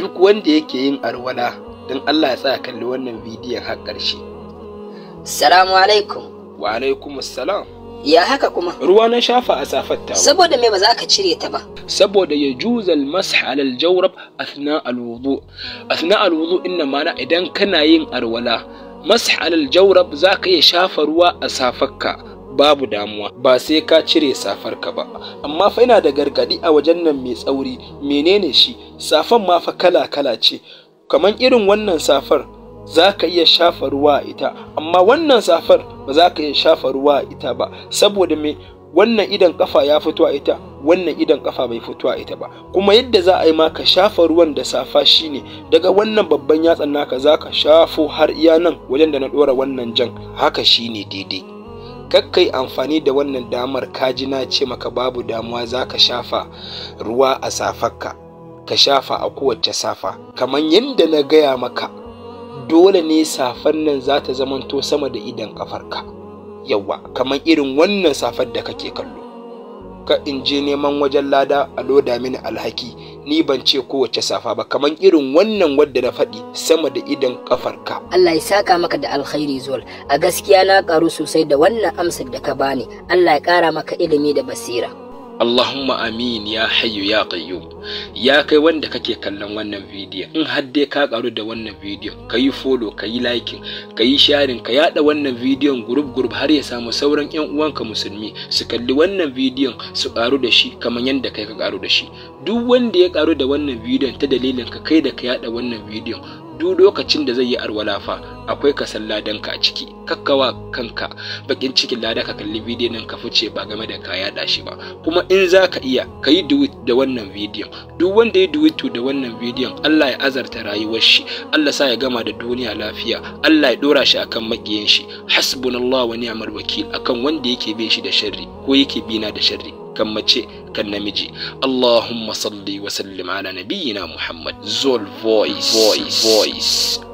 duk wanda yake yin arwala don Allah ya tsaya kalli wannan bidiyon har ƙarshe. Salamu alaikum. Wa alaikum salam. Ya haka kuma? Ruwa na shafa a safar ta. Saboda me ba za ka cire ta ba? Saboda ya juzal masah alal jawrab athna alwudu. Athna alwudu inna mana idan kana yin arwala masah alal jawrab za ka iya shafa ruwa a safarka babu damuwa ba sai ka cire safar ka ba amma fa ina da gargadi a wajen nan mai tsauri menene shi safan ma fa kala kala ce kamar irin wannan safar za ka iya shafa ruwa ita amma wannan safar ba za ka iya shafa ruwa ita ba saboda me wannan idan kafa ya fito a ita wannan idan kafa bai fito a ita ba kuma yadda za a yi maka shafa ruwan da safa shine daga wannan babban yatsan naka za ka shafo har iya nan wajen da na dora wannan jan haka shine daidai kakkai amfani da wannan damar kaji na ce maka babu damuwa za ka shafa ruwa a safarka ka shafa a kowace safa kamar yadda na gaya maka dole ne safar nan za ta zamanto sama da idan kafarka yawa kamar irin wannan safar da kake kallo ka in je neman wajen lada a loda mini alhaki ni ban ce kowace safa ba kamar irin wannan wadda na faɗi sama da idan ƙafarka Allah ya saka maka da alkhairi zuwa, a gaskiya na karu sosai da wannan amsar da ka bani Allah ya kara maka ilimi da basira Allahumma amin ya hayyu ya qayyum ya kai wanda kake kallon wannan bidiyon in har dai ka karu da wannan bidiyon ka yi folo ka yi liking ka yi sharin ka yada wannan bidiyon gurub gurub har ya samu sauran yan uwanka musulmi su kalli wannan bidiyon su karu da shi kamar yadda kai ka karu da shi duk wanda ya karu da wannan bidiyon ta dalilin ka kai da ka yada wannan bidiyon duk lokacin da zai yi arwala fa akwai kasan ka a ciki kakkawa kanka bakin cikin lada ka kalli bidiyon nan ka fice ba game da ka yada shi ba kuma in za ka iya ka yi duwit da wannan bidiyon duk wanda ya duwitu da wannan bidiyon Allah ya azarta rayuwar shi Allah sa ya gama da duniya lafiya Allah ya dora shi akan makiyin shi hasbunallahu wa ni'mal wakil akan wanda yake bin shi da sharri ko yake bina da sharri كمچه كنمجي اللهم صلي وسلم على نبينا محمد زول فويس فويس فويس